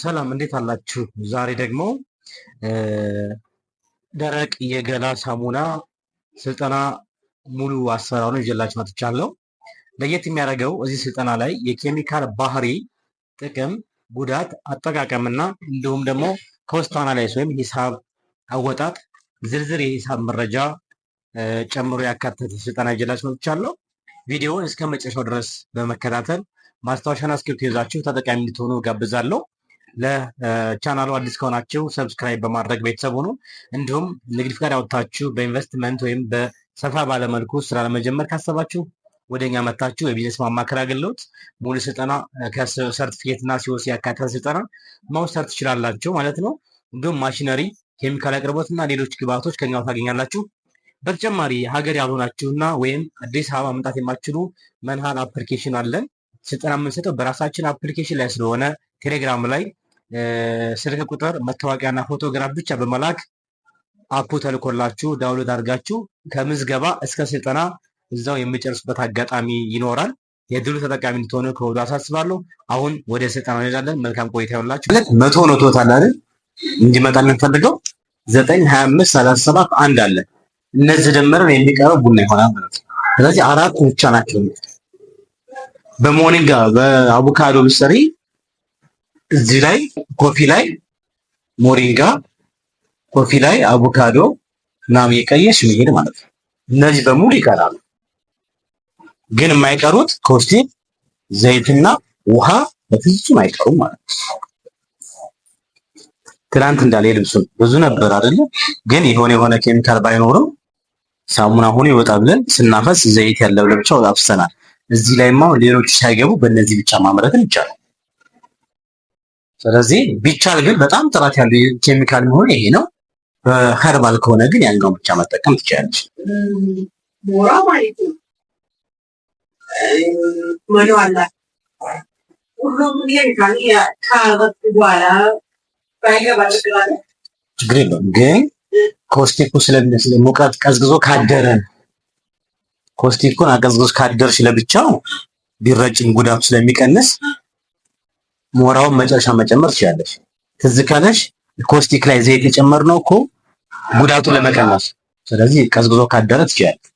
ሰላም እንዴት አላችሁ? ዛሬ ደግሞ ደረቅ የገላ ሳሙና ስልጠና ሙሉ አሰራሩን ይዤላችሁ መጥቻለሁ። ለየት የሚያደርገው እዚህ ስልጠና ላይ የኬሚካል ባህሪ፣ ጥቅም፣ ጉዳት፣ አጠቃቀምና እንዲሁም ደግሞ ኮስት አናላይስ ወይም ሂሳብ አወጣጥ ዝርዝር የሂሳብ መረጃ ጨምሮ ያካተተ ስልጠና ይዤላችሁ መጥቻለሁ። ቪዲዮውን እስከ መጨረሻው ድረስ በመከታተል ማስታወሻና ስክሪፕት ይዛችሁ ተጠቃሚ እንድትሆኑ ጋብዛለሁ። ለቻናሉ አዲስ ከሆናችሁ ሰብስክራይብ በማድረግ ቤተሰብ ሆኑ። እንዲሁም ንግድ ፍቃድ ያወጣችሁ በኢንቨስትመንት ወይም በሰፋ ባለመልኩ ስራ ለመጀመር ካሰባችሁ ወደ እኛ መታችሁ የቢዝነስ ማማከር አገልግሎት ሙሉ ስልጠና ከሰርቲፊኬትና ሲወስ ያካተተ ስልጠና መውሰድ ትችላላችሁ ማለት ነው። እንዲሁም ማሽነሪ፣ ኬሚካል እና ሌሎች ግብዓቶች ከኛው ታገኛላችሁ። በተጨማሪ ሀገር ያልሆናችሁና ወይም አዲስ አበባ መምጣት የማትችሉ መንሃል አፕሊኬሽን አለን። ስልጠና የምንሰጠው በራሳችን አፕሊኬሽን ላይ ስለሆነ ቴሌግራም ላይ ስልክ ቁጥር፣ መታወቂያና ፎቶግራፍ ብቻ በመላክ አፑ ተልኮላችሁ ዳውንሎድ አድርጋችሁ ከምዝገባ እስከ ስልጠና እዛው የሚጨርሱበት አጋጣሚ ይኖራል። የድሉ ተጠቃሚ እንድትሆኑ ከወዱ አሳስባለሁ። አሁን ወደ ስልጠና እንሄዳለን። መልካም ቆይታ ይሆንላችሁ። መቶ ነው ቶታል አይደል? እንዲመጣ የምንፈልገው ዘጠኝ ሀያ አምስት ሰላሳ ሰባት አንድ አለ። እነዚህ ደመረን የሚቀረው ቡና ይሆናል ማለት ነው። ስለዚህ አራት ብቻ ናቸው። በሞኒንጋ በአቮካዶ ብትሰሪ እዚህ ላይ ኮፊ ላይ ሞሪንጋ ኮፊ ላይ አቮካዶ ምናምን የቀየሽ መሄድ ማለት ነው። እነዚህ በሙሉ ይቀራሉ። ግን የማይቀሩት ኮስቲል ዘይትና ውሃ በፍጹም አይቀሩም ማለት ነው። ትናንት እንዳለ ልብሱን ብዙ ነበር አይደለ? ግን የሆነ የሆነ ኬሚካል ባይኖርም ሳሙና ሆኖ ይወጣ ብለን ስናፈስ ዘይት ያለው ለብቻው አፍሰናል። እዚህ ላይማ ሌሎች ሳይገቡ በእነዚህ ብቻ ማምረትን ይቻላል። ስለዚህ ቢቻል ግን በጣም ጥራት ያለው ኬሚካል መሆን ይሄ ነው። በኸርባል ከሆነ ግን ያኛውን ብቻ መጠቀም ትችላለች። ችግር የለውም ግን ኮስቲኩ ስለሚመስል ሙቀት ቀዝቅዞ ካደረ ኮስቲኩን አቀዝቅዞ ካደርሽ ለብቻው ቢረጭን ጉዳም ስለሚቀንስ ሞራውን መጨረሻ መጨመር ትችላለች። ትዝ ካለሽ ኮስቲክ ላይ ዘይት ነው እኮ ጉዳቱ ለመቀነስ ስለዚህ ቀዝቅዞ ካደረ ትችላለች።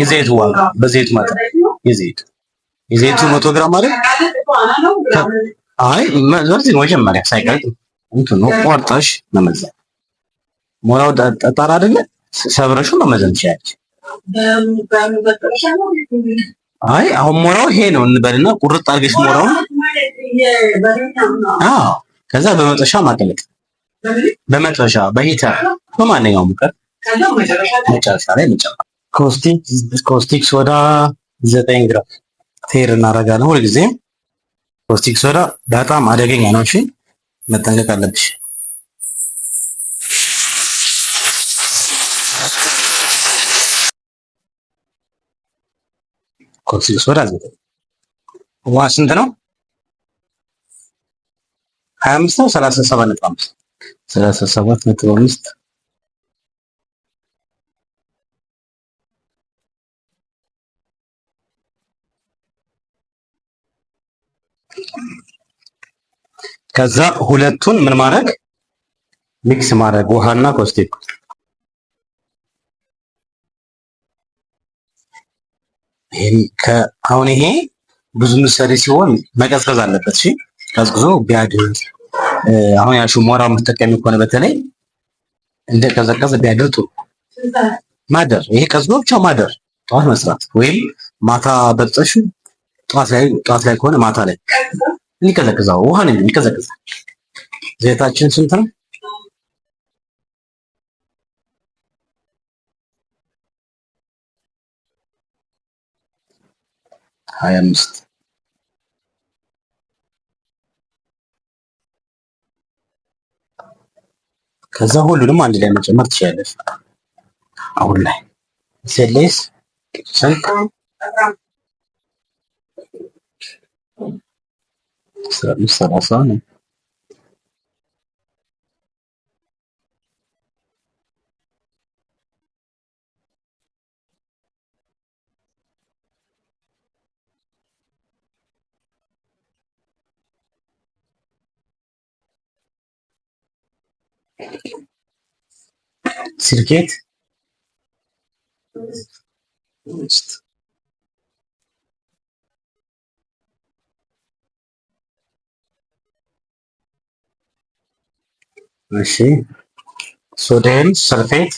የዘይቱ ዋጋ በዘይቱ መጠን የዘይቱ የዘይቱ መቶ ግራም ማለት አይ መዘርዝር መጀመሪያ ሳይቀር ነው ቆርጠሽ መመዘን ሞራው ጠጣር አይደለ ሰብረሹ መመዘን ትችላለች። አይ አሁን ሞራው ይሄ ነው እንበልና ቁርጥ አድርገሽ ሞራው። አዎ ከዛ በመጥረሻ ማቅለጥ፣ በመጥረሻ በሂተር በማንኛውም ሙቀት መጨረሻ ላይ መጨመር። ኮስቲክ ኮስቲክ ሶዳ ዘጠኝ ግራም ቴር እናደርጋለን። ሁልጊዜም ኮስቲክ ሶዳ በጣም አደገኛ ነው። እሺ መጠንቀቅ አለብሽ። ኮክሲል ዋ ስንት ነው? ሀያ አምስት ነው። ሰላሳ ሰባት ነጥብ አምስት ሰላሳ ሰባት ነጥብ አምስት ከዛ ሁለቱን ምን ማድረግ ሚክስ ማድረግ ውሃና ኮስቲክ አሁን ይሄ ብዙ ምሳሌ ሲሆን መቀዝቀዝ አለበት። እሺ ቀዝቅዞ ቢያድር አሁን ያሹ ሞራ የምትጠቀሚ ከሆነ በተለይ እንደ ቀዘቀዘ ቢያድር ጥሩ ማደር። ይሄ ቀዝሎ ብቻ ማደር፣ ጠዋት መስራት ወይም ማታ በጥጠሹ ጠዋት ላይ ጠዋት ላይ ከሆነ ማታ ላይ ይቀዘቅዛው። ውሃ ነው የሚቀዘቅዛው። ዘይታችን ስንት ነው? I missed. ከዛ ሁሉንም አንድ ላይ መጨመር ትችላለች። አሁን ላይ ሴሌስ ሰላሳ ነው። Sirket. İşte. Machine. Sodium sulfate.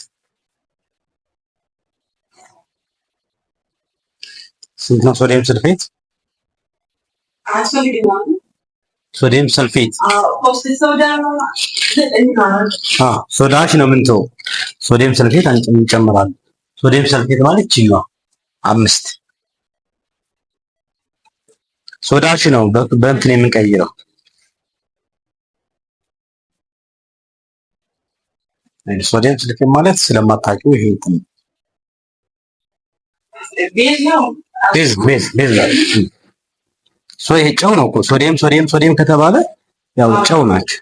Sodium sulfate. Actually, one. ሶዲየም ሰልፌት ሶዳሽ ነው ምንተው ሶዲየም ሰልፌት እንጨምራለን። ሶዲየም ሰልፌት ማለት ችኛዋ አምስት ሶዳሽ ነው በእንትን የምንቀይረው ሶዲየም ሰልፌት ማለት ስለማታውቂው ይሄ እንትን ቤዝ ነው ቤዝ ቤዝ ቤዝ ነው። ሶ ይሄ ጨው ነው እኮ ሶዲየም ሶዲየም ሶዲየም ከተባለ ያው ጨው ናቸው።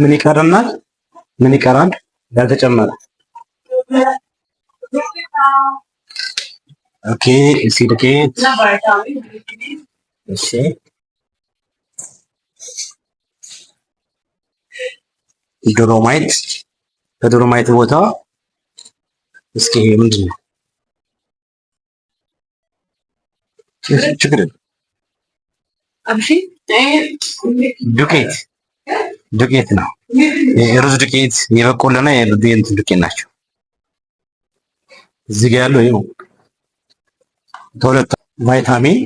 ምን ይቀርናል? ምን ይቀራል? ያልተጨመረ ኦኬ፣ ሲልኬት እሺ ዶሮማይት ከዶሮማይት ቦታ እስኪ ይሄ ምንድን ነው? ችግር ዱቄት ዱቄት ነው የሩዝ ዱቄት፣ የበቆሎና የዱቄት ዱቄት ናቸው። እዚህ ያለው ይኸው ከሁለት ቫይታሚን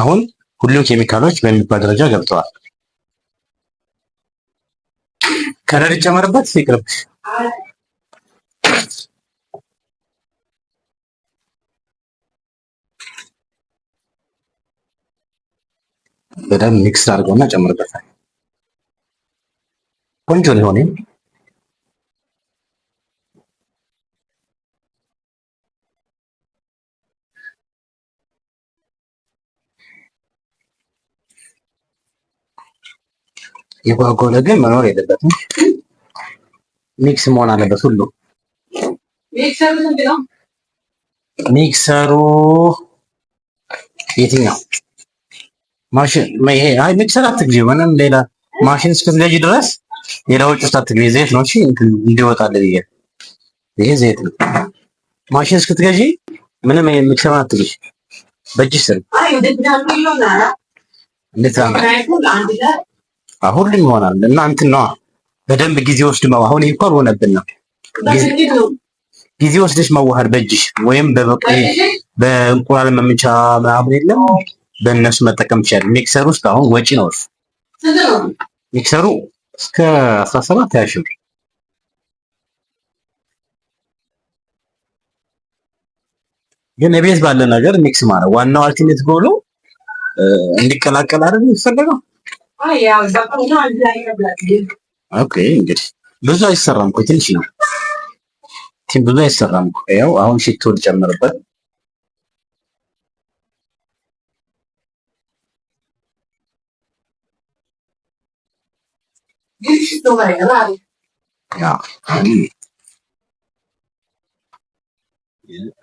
አሁን ሁሉም ኬሚካሎች በሚባል ደረጃ ገብተዋል። ከረር ይጨመርበት ይቅርብሽ። በደንብ ሚክስ አድርገውና ጨምርበታል ቆንጆ ሊሆን የጓጓለ ግን መኖር የለበትም። ሚክስ መሆን አለበት ሁሉ ሚክሰሩ የትኛው ማሽን? አይ ሚክሰር አትግዢ። ምንም ሌላ ማሽን እስክትገዢ ድረስ ሌላ ውጭ ውስጥ አትግዢ። ዘይት ነው እንዲወጣል ብዬ ይሄ ዘይት ነው። ማሽን እስክትገዢ ምንም ሚክሰር አትግዢ። በእጅ ስር እንዴት ነው ሁሉም ይሆናል እና እንትን ነዋ በደንብ ጊዜ ወስድ መዋ አሁን ይሄ እኮ አልሆነብን ነው ጊዜ ወስደሽ መዋሃድ በእጅሽ ወይም በበቆይ በእንቁላል መምቻ ምናምን የለም በእነሱ መጠቀም ይችላል ሚክሰር ውስጥ አሁን ወጪ ነው እሱ ሚክሰሩ እስከ አስራ ሰባት ሀያ ብር ግን እቤት ባለ ነገር ሚክስ ማለት ዋናው አልቲሜት ጎሎ እንዲቀላቀል አይደል የሚፈለገው። እንግዲህ ብዙ አይሰራም እኮ ትንሽ ነው። ብዙ አይሰራም እኮ ያው አሁን ሽቶ ልጨምርበት። ያ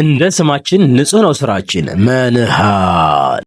እንደ ስማችን ንጹህ ነው ስራችን መንሃ